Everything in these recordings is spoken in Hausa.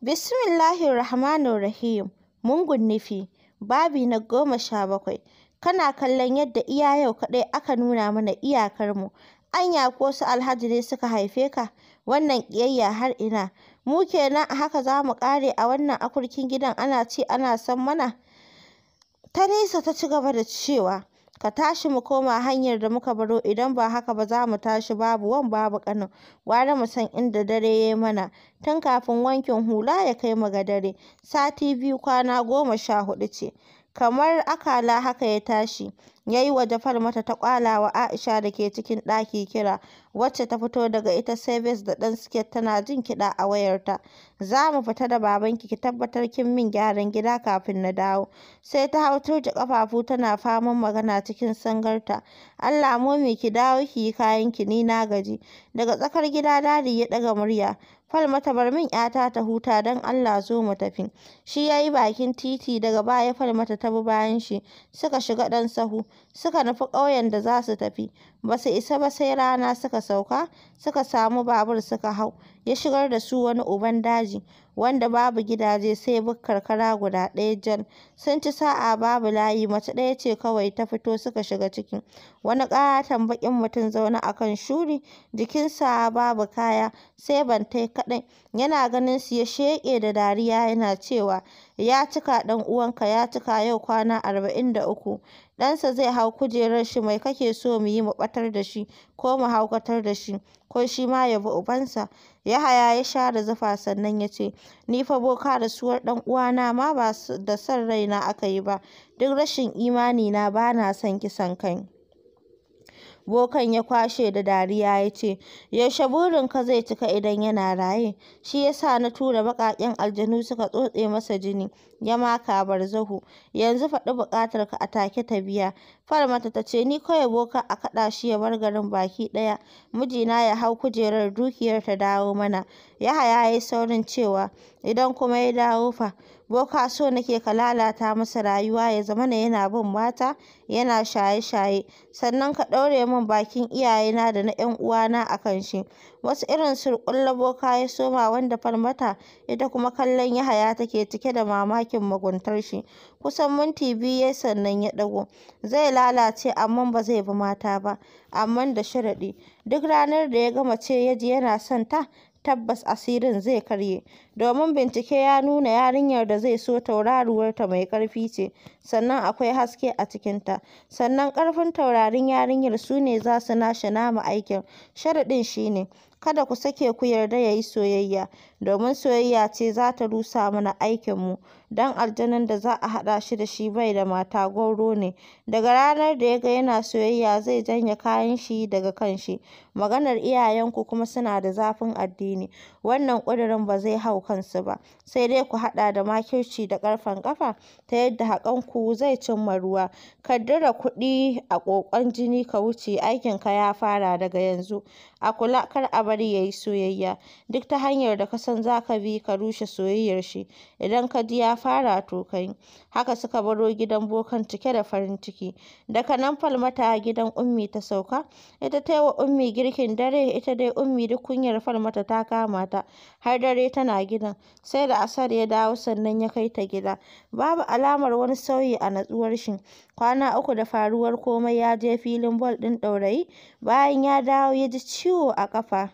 Bismillahirrahmanirrahim. Mugun nufi. Babi na goma sha bakwai. Kana kallon yadda iya yau kaɗai aka nuna mana iyakarmu. Anya ko su Alhaji ne suka haife ka? Wannan ƙiyayya har ina? Mu kenan a haka za mu ƙare a wannan akurkin gidan ana ce ana san mana? Ta nisa ta ci gaba da cewa. Ka tashi mu koma hanyar da muka baro idan ba haka ba za mu tashi babu wan babu kanin Gwara mu san inda dare ya mana. Tun kafin wankin hula ya kai mu ga dare. Sati biyu kwana goma sha hudu ce. Kamar akala haka ya tashi, ya yi wa Jafar mata ta wa Aisha da ke cikin ɗaki kira, wacce ta fito daga ita Seves da ɗan siket tana jin kiɗa a wayarta. Za mu fita da babanki ki tabbatar kin min gyaran gida kafin na dawo. Sai ta hau turje ƙafafu tana faman magana cikin sangarta. Allah momi ki dawo ki yi ki, ni na gaji. Daga tsakar gida dadi ya ɗaga murya. Falmata bar min ‘yata ta huta don Allah zo mu tafi. Shi ya yi bakin titi daga baya Falmata ta bi bayan shi, suka shiga ɗan sahu, suka nufi ƙauyen da za su tafi. ba su isa ba sai rana suka sauka suka samu babur suka hau ya shigar da su wani uban daji wanda babu gidaje sai buk karkara guda ɗaya jan sun ci sa'a babu layi mace ɗaya ce kawai ta fito suka shiga ciki wani ƙaton baƙin mutum zaune a kan shuri jikinsa babu kaya sai bantai kaɗai yana ganin su ya sheƙe da dariya yana cewa ya cika ɗan uwanka ya cika yau kwana arba'in da uku ɗansa zai hau kujerar shi mai kake so mu yi mu ɓatar da shi ko mu haukatar da shi ko shi ma ya bi ubansa Yahaya ya share zufa sannan ya ce ni fa boka rasuwar ɗan uwana ma ba da son raina aka yi ba duk rashin imani na ba na son kisan kai Bokan ya kwashe da dariya ya ce, Yaushe burinka zai cika idan yana raye? Shi ya sa na tura baƙaƙen aljanu suka tsotse masa jini, ya maka zahu. Yanzu faɗi buƙatarka a take ta biya. Falmata ta ce ni kawai boka a kaɗa shi ya bar garin baki ɗaya, mijina ya hau kujerar dukiyar ta dawo mana. Yahaya ya yi saurin cewa idan kuma ya dawo fa, boka so nake ka lalata masa rayuwa ya zamana yana bin mata, yana shaye-shaye, sannan ka ɗaure min bakin iyayena da na ‘yan uwana a kan shi. Wasu irin surƙulle boka ya soma wanda Falmata ita kuma kallon Yahaya take cike da mamakin muguntar shi. Kusan minti biyu ya sannan ya ɗago. Zai lalace amma ba zai bi mata ba, amma da sharaɗi. Duk ranar da ya gama ce ya ji yana son ta, tabbas asirin zai karye. Domin bincike ya nuna yarinyar da zai so tauraruwarta mai karfi ce, sannan akwai haske a cikinta. Sannan karfin taurarin yarinyar su ne za su nashi nama aikin. Sharaɗin shine. kada ku sake ku yarda ya yi soyayya. domin soyayya ce za ta rusa mana aikinmu, don aljanin da za a haɗa shi da shi bai da mata goro ne, daga ranar da ya ga yana soyayya zai janye kayan shi daga kan shi, maganar iyayenku kuma suna da zafin addini, wannan ƙudurin ba zai hau kansu ba, sai dai ku haɗa da makirci da ƙarfen ƙafa ta yadda haƙanku zai cimma ruwa, kaddara kuɗi a ƙoƙon jini ka wuce aikinka ya fara daga yanzu, a kula kar a bari ya yi soyayya, duk ta hanyar da ka san za ka bi ka rushe soyayyar shi idan ka ji ya fara to Haka suka baro gidan bokan cike da farin ciki. Daga nan Falmata gidan Ummi ta sauka, ita ta yi wa Ummi girkin dare, ita dai Ummi duk kunyar Falmata ta kama ta, har dare tana gidan, sai da asar ya dawo sannan ya kai ta gida. Babu alamar wani sauyi a natsuwar shi. Kwana uku da faruwar komai ya je filin bol ɗin ɗaurayi, bayan ya dawo ya ji ciwo a ƙafa.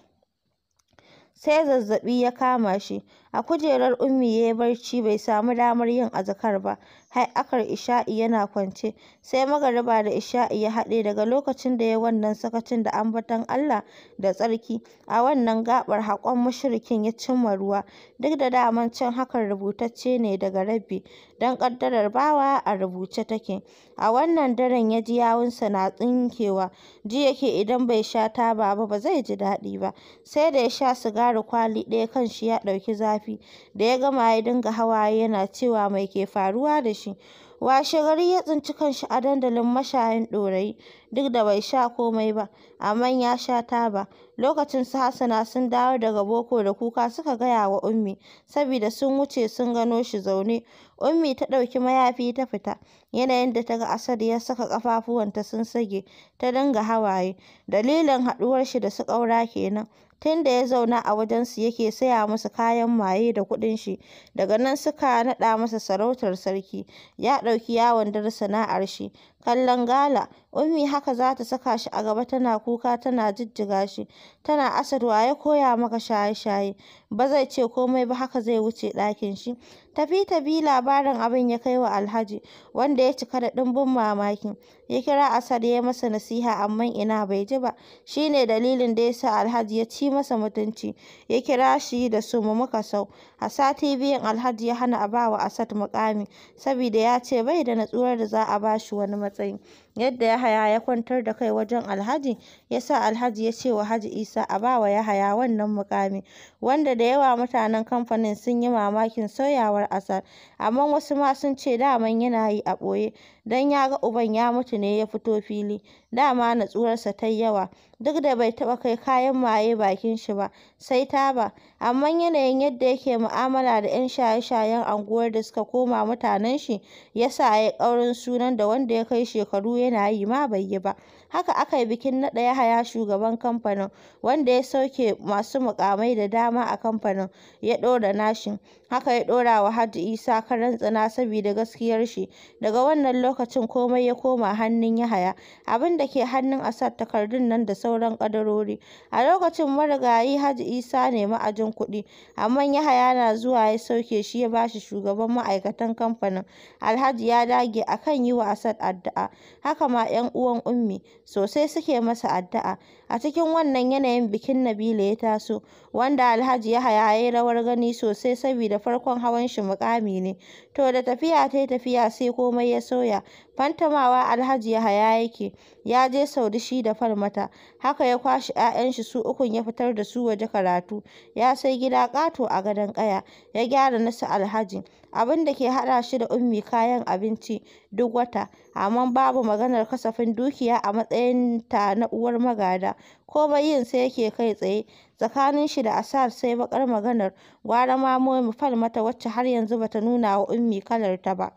sai zazzaɓi ya kama shi A kujerar Ummi ya yi barci, bai samu damar yin azkar ba, har isha'i yana kwance, sai magariba da isha'i ya haɗe daga lokacin da ya wannan sakacin da ambaton Allah da tsarki, a wannan gaɓar haƙon mashirikin ya cimma ruwa, duk da daman can hakan rubutacce ne daga Rabbi, don ƙaddarar bawa a rubuce take. A wannan daren ya ji yawunsa na tsinkewa, ji yake idan bai sha taba ba ba zai ji daɗi ba, sai da ya sha sigari kwali ɗaya kan shi ya ɗauki zafi. zafi, da ya gama ya dinga hawaye yana cewa mai ke faruwa da shi. gari ya tsinci kanshi a dandalin mashayin ɗorayi, duk da bai sha komai ba, amma ya sha taba. Lokacin su Hassana sun dawo daga boko da kuka suka gaya wa Ummi, sabida sun wuce sun gano shi zaune. Ummi ta ɗauki mayafi ta fita, yanayin da ta ga Asad ya saka ƙafafuwanta sun sage, ta dinga hawaye. Dalilin haɗuwar shi da su ƙaura kenan. Tun da ya zauna a wajensu yake saya musu kayan maye da kuɗin shi, daga nan suka naɗa masa sarautar sarki, ya ɗauki yawon dar sana'ar shi kallon gala. Ummi haka za ta saka shi a gaba tana kuka tana jijjiga shi. Tana Asad waye koya maka shaye-shaye. Ba zai ce komai ba haka zai wuce ɗakin shi. Tafi ta bi labarin abin ya kai wa Alhaji wanda ya cika da ɗumbin mamaki. Ya kira Asar ya masa nasiha amma ina bai ji ba. shine dalilin da ya sa Alhaji ya ci masa mutunci. Ya kira shi da su mu muka sau. a sati biyun Alhaji ya hana a bawa Asad mukami saboda ya ce bai da natsuwar da za a ba shi wani matsayi yadda Yahaya ya kwantar da kai wajen Alhaji ya sa Alhaji ya ce wa Haji Isa a ba wa Yahaya wannan mukami wanda da yawa mutanen kamfanin sun yi mamakin sauyawar asar. amma wasu ma sun ce daman yana yi a ɓoye don ya ga uban ya mutu ne ya fito fili dama natsuwarsa ta yawa duk da bai taɓa kai kayan maye bakin shi ba sai taba amma yanayin yadda yake mu'amala da 'yan shaye-shayen unguwar da suka koma mutanen shi ya sa ya yi ƙaurin sunan da wanda ya kai shekaru ya. yana yi ma bai yi ba Haka aka yi bikin naɗa Yahaya shugaban kamfanin, wanda ya sauke masu mukamai da dama a kamfanin, ya ɗora nashi. Haka ya ɗora wa hajji Isa karan tsana saboda gaskiyar shi. Daga wannan lokacin komai ya koma hannun Yahaya. Abin da ke hannun asar takardun nan da sauran kadarori. A lokacin marigayi hajji Isa ne ma'ajin kuɗi, amma Yahaya na zuwa ya sauke shi ya ba shi shugaban ma'aikatan kamfanin. Alhaji ya dage akan yi wa Asad addu'a. Haka ma 'yan uwan Ummi. sosai suke masa addu'a A cikin wannan yanayin bikin Nabila ya taso, wanda Alhaji Yahaya ya yi rawar gani sosai saboda farkon hawan shi mukami ne. To da tafiya ta yi tafiya sai komai ya sauya. Fantamawa Alhaji Yahaya yake, ya je Saudi shi da Falmata. Haka ya kwashe 'ya'yan shi su ukun ya fitar da su waje karatu. Ya sai gida ƙato a gadon ƙaya, ya gyara nasu Alhaji. Abin da ke haɗa shi da Ummi kayan abinci duk wata, amma babu maganar kasafin dukiya a matsayin ta na uwar magada. komai yin sa yake kai tsaye tsakanin shi da asar sai baƙar maganar gwara ma mu mata wacce har yanzu bata nuna wa ummi kalar ta ba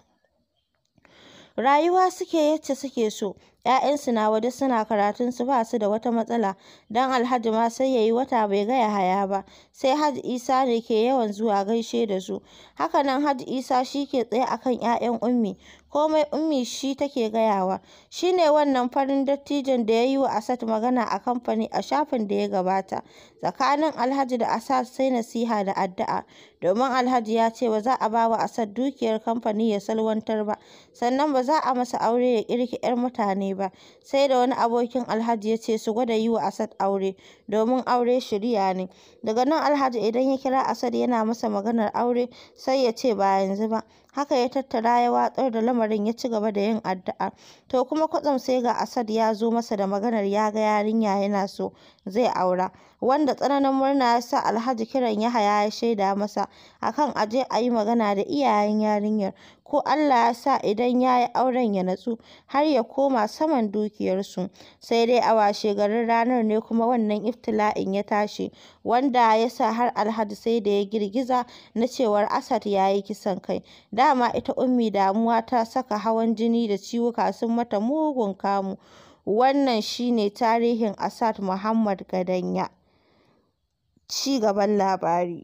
rayuwa suke yacce suke so 'Ya'yansu na waje suna karatunsu ba su da wata matsala, don Alhaji ma sai ya yi wata bai gaya haya ba, sai Hajji Isa ne ke yawan zuwa gaishe da su. Haka nan Hajji Isa shi ke tsaye a kan 'ya'yan Ummi, komai Ummi shi take gayawa. Shi ne wannan farin dattijan da ya yi wa Asad magana a kamfani a shafin da ya gabata. Tsakanin Alhaji da Asad sai nasiha da addu'a, domin Alhaji ya ce ba za a ba wa Asad dukiyar kamfani ya salwantar ba, sannan ba za a masa aure ya ƙirki 'yar mutane ba. ba sai da wani abokin Alhaji ya ce su gwada yi wa Asad aure domin aure shirya ne daga nan Alhaji idan ya kira Asad yana masa maganar aure sai ya ce ba yanzu ba haka ya tattara ya watsar da lamarin ya ci gaba da yin addu'a to kuma kwatsam sai ga Asad ya zo masa da maganar ya ga yarinya yana so zai aura wanda tsananin murna ya sa Alhaji kiran Yahaya ya shaida masa akan aje ayi a yi magana da iyayen yarinyar ko Allah ya sa idan ya yi auren ya natsu har ya koma saman dukiyarsu sai dai a washe garin ranar ne kuma wannan iftila'in ya tashi wanda ya sa har Alhaji sai da ya girgiza na cewar Asad ya yi kisan kai dama ita ummi damuwa ta saka hawan jini da ciwuka sun mata mugun kamu Wannan shi ne tarihin Asad muhammad Gadanya. Ci gaban labari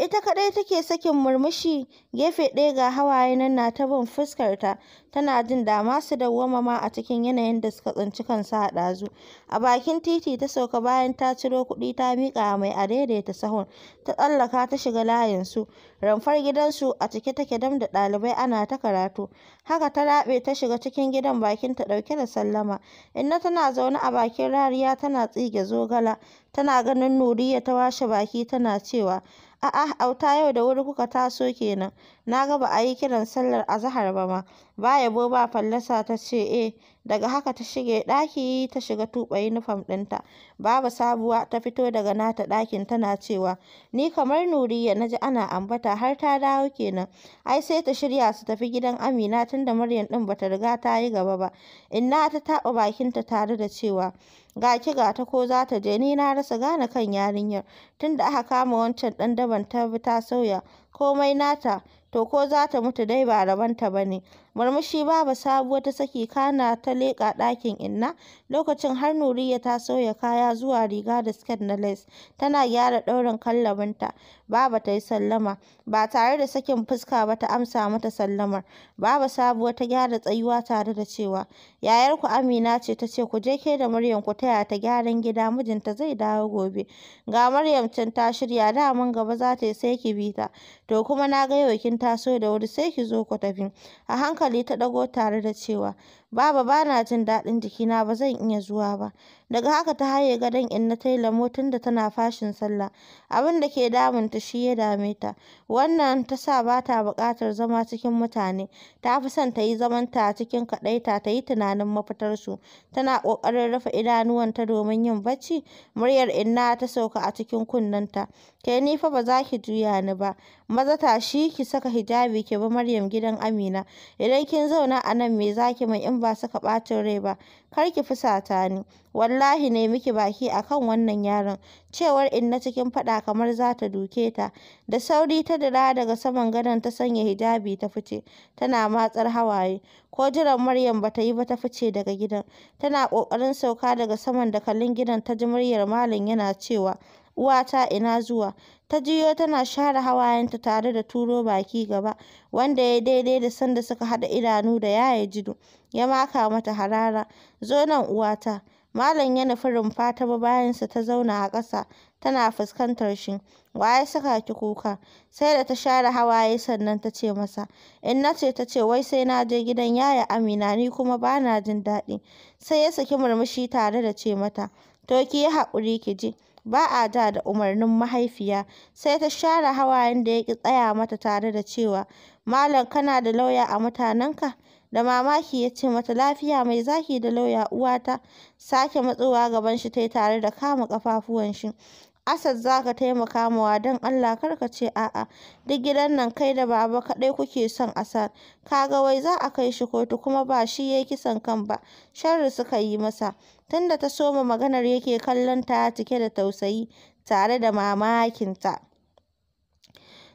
ita kaɗai take sakin murmushi gefe ɗaya ga hawaye nan na ta bin fuskarta tana jin dama su da ma a cikin yanayin da suka tsinci kansu a ɗazu a bakin titi ta sauka bayan ta ciro kuɗi ta miƙa mai a daidaita sahun ta tsallaka ta shiga layinsu ramfar gidansu a cike take dam da ɗalibai ana ta karatu haka ta raɓe ta shiga cikin gidan bakin ta ɗauke da sallama inna tana zaune a bakin rariya tana tsige zogala tana ganin nuriya ta washe baki tana cewa A'a auta yau da wuri kuka taso kenan na ga ba a yi kiran sallar azahar ba ma, ba yabo ba fallasa ta ce eh, daga haka ta shige ɗaki ta shiga tuɓe yunifom ɗinta, Baba Sabuwa ta fito daga nata ɗakin tana cewa ni kamar Nuriya na ji ana ambata har ta dawo kenan, ai sai ta shirya su tafi gidan Amina tunda Maryam ɗin bata riga ta yi gaba ba, inna ta taɓa bakinta tare da cewa ga ki ga ta ko za ta je ni na rasa gane kan yarinyar, tunda aka kama wancan ɗan daban ta bi ta sauya komai nata. to ko za ta mutu dai ba rabonta ba ne Murmushi babu Sabuwa ta saki kana ta leƙa ɗakin Inna. Lokacin har Nuriya ta sauya kaya zuwa riga da siket na lace. Tana gyara ɗaurin kallabinta. Baba ta yi sallama. Ba tare da sakin fuska ba ta amsa mata sallamar. Babu Sabuwa ta gyara tsayuwa tare da cewa, "Yayarku Amina ce ta ce ku je ke da Maryam ku taya ta gyaran gida mijinta zai dawo gobe. Ga Maryam can ta shirya da mun gaba za ta yi sai ki bi ta. To kuma na ga yau kin taso da wuri sai ki zo ku tafi." A hankali hankali ta ɗago tare da cewa, Baba ba na jin daɗin jikina ba zan iya zuwa ba. Daga haka ta haye gadon inna ta yi lamo da tana fashin sallah. Abin da ke damun ta shi ya dame ta. Wannan ta sa ba ta buƙatar zama cikin mutane. Ta fi son ta yi zamanta a cikin kaɗaita ta yi tunanin mafitarsu. Tana ƙoƙarin rufe idanuwanta domin yin bacci. Muryar inna ta sauka a cikin kunnenta. Ke ni fa ba za ki juya ni ba. Maza shi ki saka hijabi ki bi Maryam gidan Amina. Idan kin zauna a nan me za ki min in ba saka ɓacin rai ba kar ki fusata ni wallahi ne miki baki akan wannan yaron cewar inna cikin faɗa kamar za ta duke ta da sauri ta dira daga saman gadon ta sanya hijabi ta fice tana matsar hawaye ko jiran maryam ba ta yi ba ta fice daga gidan tana ƙoƙarin sauka daga saman dakalin gidan ta ji muryar malam yana cewa uwata ina zuwa. Ta jiyo tana share hawayenta tare da turo baki gaba, wanda ya daidai da sanda suka haɗa idanu da Yaya Jido, ya maka mata harara. Zo nan uwata. Malam ya nufi rumfa bayan bayansa ta zauna a ƙasa, tana fuskantar shi. Waye ya saka ki kuka? Sai da ta share hawaye sannan ta ce masa, In na ce ta ce wai sai na je gidan yaya Amina ni kuma ba na jin daɗi. Sai ya saki murmushi tare da ce mata, To ki yi haƙuri ki je. ba a da da umarnin mahaifiya, sai ta share hawayen da ya ƙi tsaya mata tare da cewa, Malam kana da lauya a mutanenka? Da mamaki ya ce mata, Lafiya mai zaki da lauya uwata? Sake matsowa gaban shi ta yi tare da kama ƙafafuwan shi. Asad za ka taimaka mawa don Allah kar ka ce a'a. Duk gidan nan kai da baba kaɗai kuke son Asad. Ka ga wai za a kai shi kotu kuma ba shi ya yi kisan kan ba. Sharri suka yi masa. Tunda ta soma maganar yake kallon ta cike da tausayi tare da mamakinta.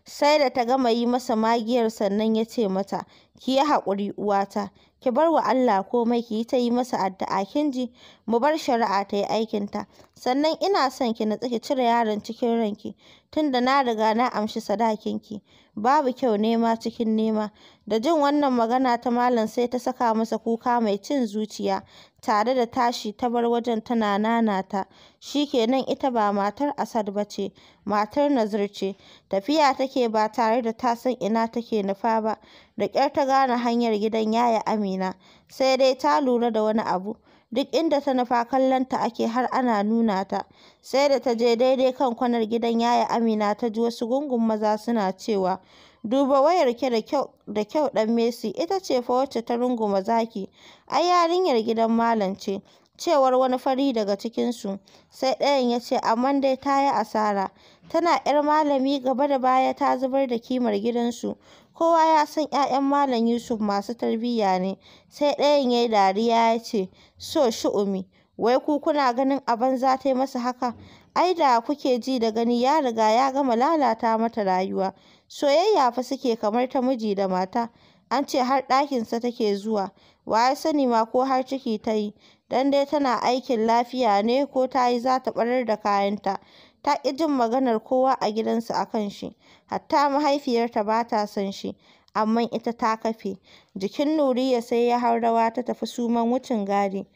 Sai da ta gama yi masa magiyar sannan ya ce mata, ki yi haƙuri uwata. ki bar wa Allah komai ki ta yi masa addu'a kin ji mu bar shari'a ta yi aikinta sannan ina son ki na ki cire yaron cikin ranki tunda na riga na amshi sadakin ki. babu kyau nema cikin nema da jin wannan magana ta malam sai ta saka masa kuka mai cin zuciya tare da tashi ta bar wajen tana nana ta. shi ke nan ita ba matar Asad ba ce, matar Nazir ce, tafiya take ba tare da ta san ina take nufa ba, da ƙyar ta gane hanyar gidan yaya Amina, sai dai ta lura da wani abu. duk inda ta nufa kallonta ake har ana nuna ta sai da ta je daidai kan kwanar gidan yaya amina ta ji wasu gungun maza suna cewa Duba wayar ke da kyau da kyau ɗan Messi, ita ce fa wacce ta runguma zaki, ai yarinyar gidan malam ce, cewar wani fari daga cikin su sai ɗayan ya ce, amman dai ta yi asara, tana ƴar malami gaba da baya ta zubar da kimar gidansu, kowa ya san 'ya'yan Malam Yusuf masu tarbiyya ne, sai ɗayan ya yi dariya ya ce, so umi." wai ku kuna ganin a za ta yi masa haka, ai da kuke ji da gani ya riga ya gama lalata mata rayuwa. Soyayya fa suke kamar ta miji da mata, an ce har ɗakinsa take zuwa, wa ya sani ma ko har ciki ta yi, don dai tana aikin lafiya ne ko ta yi za ta ɓarar da kayanta, ta ƙi jin maganar kowa a gidansu a kan shi, hatta mahaifiyarta ba ta son shi, amma ita ta kafe, jikin Nuriya sai ya hau rawa ta tafi suman wucin gadi.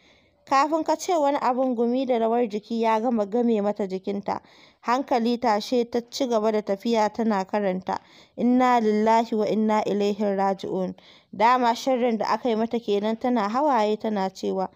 Kafin ka ce wani abin gumi da rawar jiki ya gama game mata jikinta. Hankali tashe ta ci gaba da tafiya tana karanta, Inna lillahi wa inna ilaihi raji'un. Dama shirin da aka yi mata kenan tana hawaye tana cewa,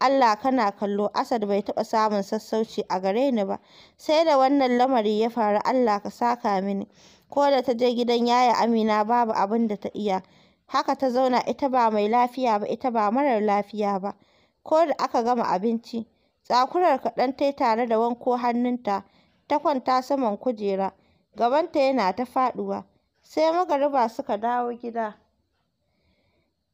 Allah kana kallo, Asad bai taɓa samun sassauci a gare ni ba. Sai da wannan lamari ya faru Allah ka saka mini. Ko da ta je gidan Yaya Amina babu abin da ta iya. Haka ta zauna ita ba mai lafiya ba ita ba marar lafiya ba. Ko da aka gama abinci, tsakurar kaɗan ta tare da wanko hannunta ta kwanta saman kujera, gabanta yana ta faɗuwa. Sai magariba suka dawo gida.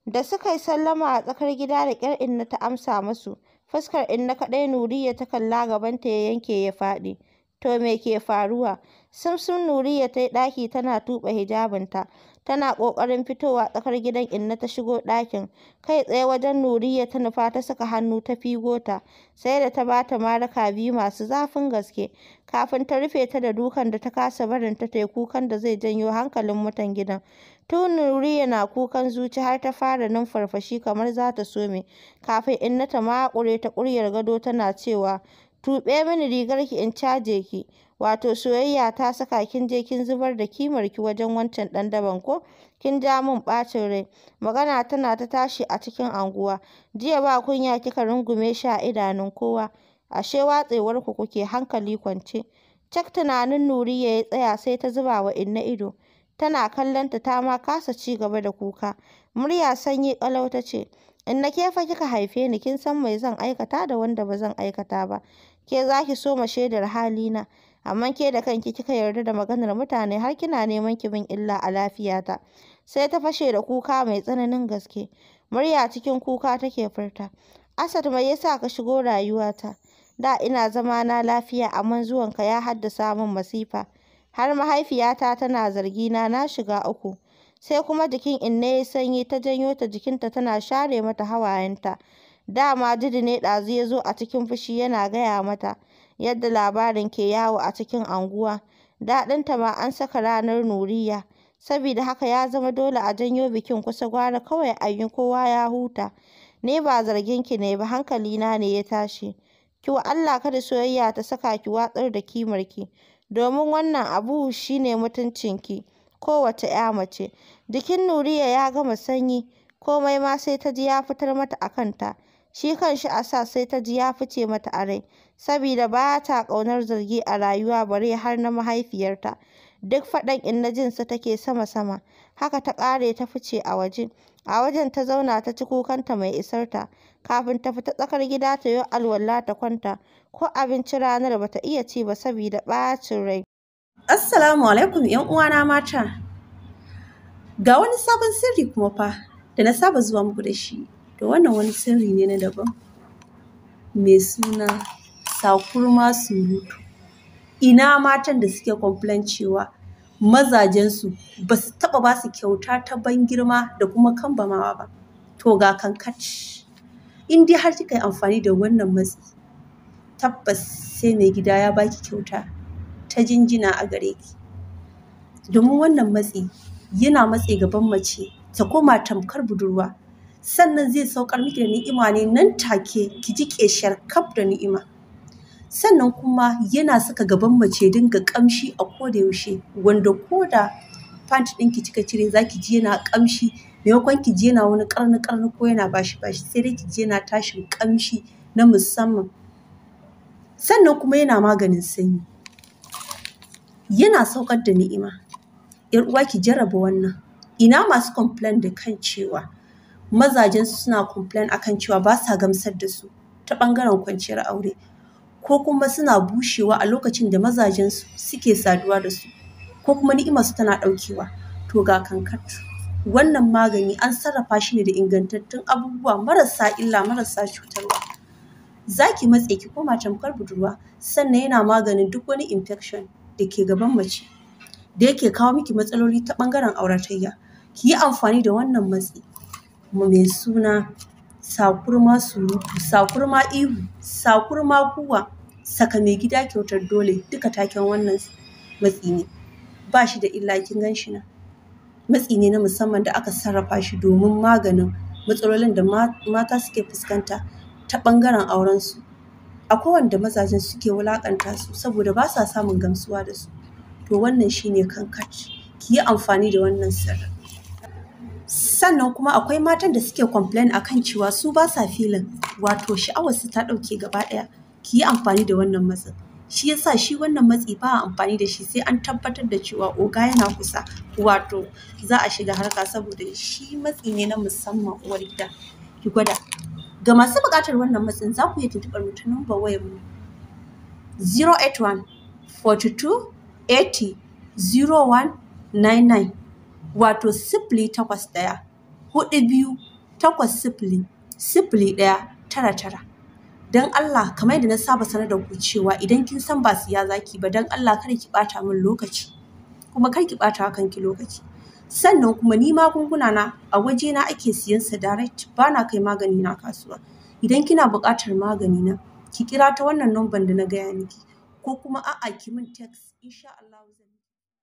Da suka yi sallama a tsakar gida da ƙyar Inna ta amsa musu. Fuskar Inna kaɗai Nuriya ta kalla gabanta ya yanke ya faɗi. To me ke faruwa? Sumsum Nuriya ta yi ɗaki tana tuɓe hijabinta. tana ƙoƙarin fitowa tsakar gidan inna ta shigo ɗakin kai tsaye wajen nuriya ta nufa ta saka hannu ta figo ta sai da ta ba ta maraka biyu masu zafin gaske kafin ta rufe ta da dukan da ta kasa barin ta tai kukan da zai janyo hankalin mutan gidan tun nuriya na kukan zuci har ta fara numfarfashi kamar za ta so me. kafin inna ta maƙure ta ƙuryar gado tana cewa tuɓe mini rigar ki in caje ki wato soyayya ta saka kin je kin zubar da kimarki wajen wancan ɗan daban ko kin ja min ɓacin rai magana tana ta tashi a cikin anguwa jiya ba kunya kika rungume shi a idanun kowa ashe watsewarku kuke hankali kwance cak tunanin nuri ya tsaya sai ta zuba wa inna ido tana kallonta ta ma kasa ci gaba da kuka murya sanyi ƙalau ta ce in na kefa kika haife ni kin san mai zan aikata da wanda ba zan aikata ba ke za ki so ma shaidar halina amma ke da kanki kika yarda da maganar mutane har kina neman ki bin illa a lafiyata sai ta fashe da kuka mai tsananin gaske murya cikin kuka take furta asad mai yasa ka shigo rayuwata da ina zama na lafiya amma zuwanka ya haddasa min masifa har mahaifiyata tana zargina na shiga uku sai kuma jikin inna ya sanyi ta janyo ta jikinta tana share mata hawayenta dama jiri ne ɗazu ya zo a cikin fushi yana gaya mata yadda labarin ke yawo a cikin anguwa daɗinta ma an saka ranar nuriya saboda haka ya zama dole a janyo bikin kusa gwara kawai a yi kowa ya huta ni ba zargin ki ne ba hankalina ne ya tashi ki wa Allah kada soyayya ta saka ki watsar da kimarki domin wannan abu shine mutuncinki kowace 'ya mace Jikin Nuriya ya gama sanyi, komai ma sai ta ji ya fitar mata a kanta. Shi kanshi sa sai ta ji ya fice mata a rai, saboda ba ta ƙaunar zargi a rayuwa bare har na mahaifiyarta. Duk faɗan jinsa take sama-sama. Haka ta ƙare ta fice a waje. A wajen ta zauna ta ci kukanta mai isarta, kafin ta fita tsakar gida ta yi alwala ta kwanta. Ko abinci ranar ba ta iya ci ba saboda ɓacin rai. Assalamu alaikum 'yan uwana mata. Ga wani sabon sirri kuma fa da na saba zuwa muku da shi, Da wannan wani sirri ne na daban. Mai suna Sakurma Surutu. Ina matan da suke complain cewa mazajensu ba su taɓa ba su kyauta ta ban girma da kuma kambamawa ba. To ga kankat. In dai har kika yi amfani da wannan matsi, tabbas sai mai gida ya baki kyauta ta jinjina a gare ki. Domin wannan matsi yana matse gaban mace ta koma tamkar budurwa sannan zai saukar miki da ni'ima ne nan take ki ji keshiyar kaf da ni'ima sannan kuma yana saka gaban mace dinga kamshi a koda yaushe wanda koda din ki cika cire zaki ji yana kamshi maimakon ki ji yana wani karni karni ko yana bashi bashi sai dai ki ji yana tashin kamshi na musamman sannan kuma yana maganin sanyi yana saukar da ni'ima 'yar uwa ki jarraba wannan ina masu complain da kan cewa mazajen su suna complain akan cewa ba sa gamsar da su ta bangaren kwanciyar aure ko kuma suna bushewa a lokacin da mazajen su suke saduwa da su ko kuma ni'imar su tana ɗaukewa to ga kankat wannan magani an sarrafa shi ne da ingantattun abubuwa marasa illa marasa cutarwa za ki matse ki koma tamkar budurwa sannan yana maganin duk wani infection da ke gaban mace da yake kawo miki matsaloli ta ɓangaren auratayya ki yi amfani da wannan matsi mai suna sakurma surutu sakurma ihu sakurma kuwa saka mai gida kyautar dole duka taken wannan matsi ne ba shi da illa kin gan matsi ne na musamman da aka sarrafa shi domin maganin matsalolin da mata suke fuskanta ta ɓangaren aurensu akwai wanda mazajen suke wulaƙanta su saboda ba sa samun gamsuwa da su to wannan shi ne kankat. Ki yi amfani da wannan sirrin. Sannan kuma akwai matan da suke complain kan cewa su ba sa filin wato sha'awarsu ta ɗauke gaba ɗaya. Ki yi amfani da wannan matsin. Shi yasa shi wannan matsi ba a amfani da shi sai an tabbatar da cewa oga yana kusa wato za a shiga harka saboda shi matsi ne na musamman uwar gida. Ki gwada. Ga masu buƙatar wannan matsin za ku iya tuntuɓar mu ta lambar mu 081 42 80 0199 wato sifili takwas ɗaya hudu biyu takwas sifili sifili ɗaya tara tara. Don Allah kamar yadda na saba sanar da ku cewa idan kin san ba su siya zaki ba don Allah kar ki bata min lokaci kuma kar ki ɓata hakan ki lokaci. Sannan kuma ni magunguna na a waje na ake siyan sa direct na kai magani na kasuwa. Idan kina buƙatar magani na ki kira ta wannan number da na gaya miki ko kuma a'a ki min text Insha Allah,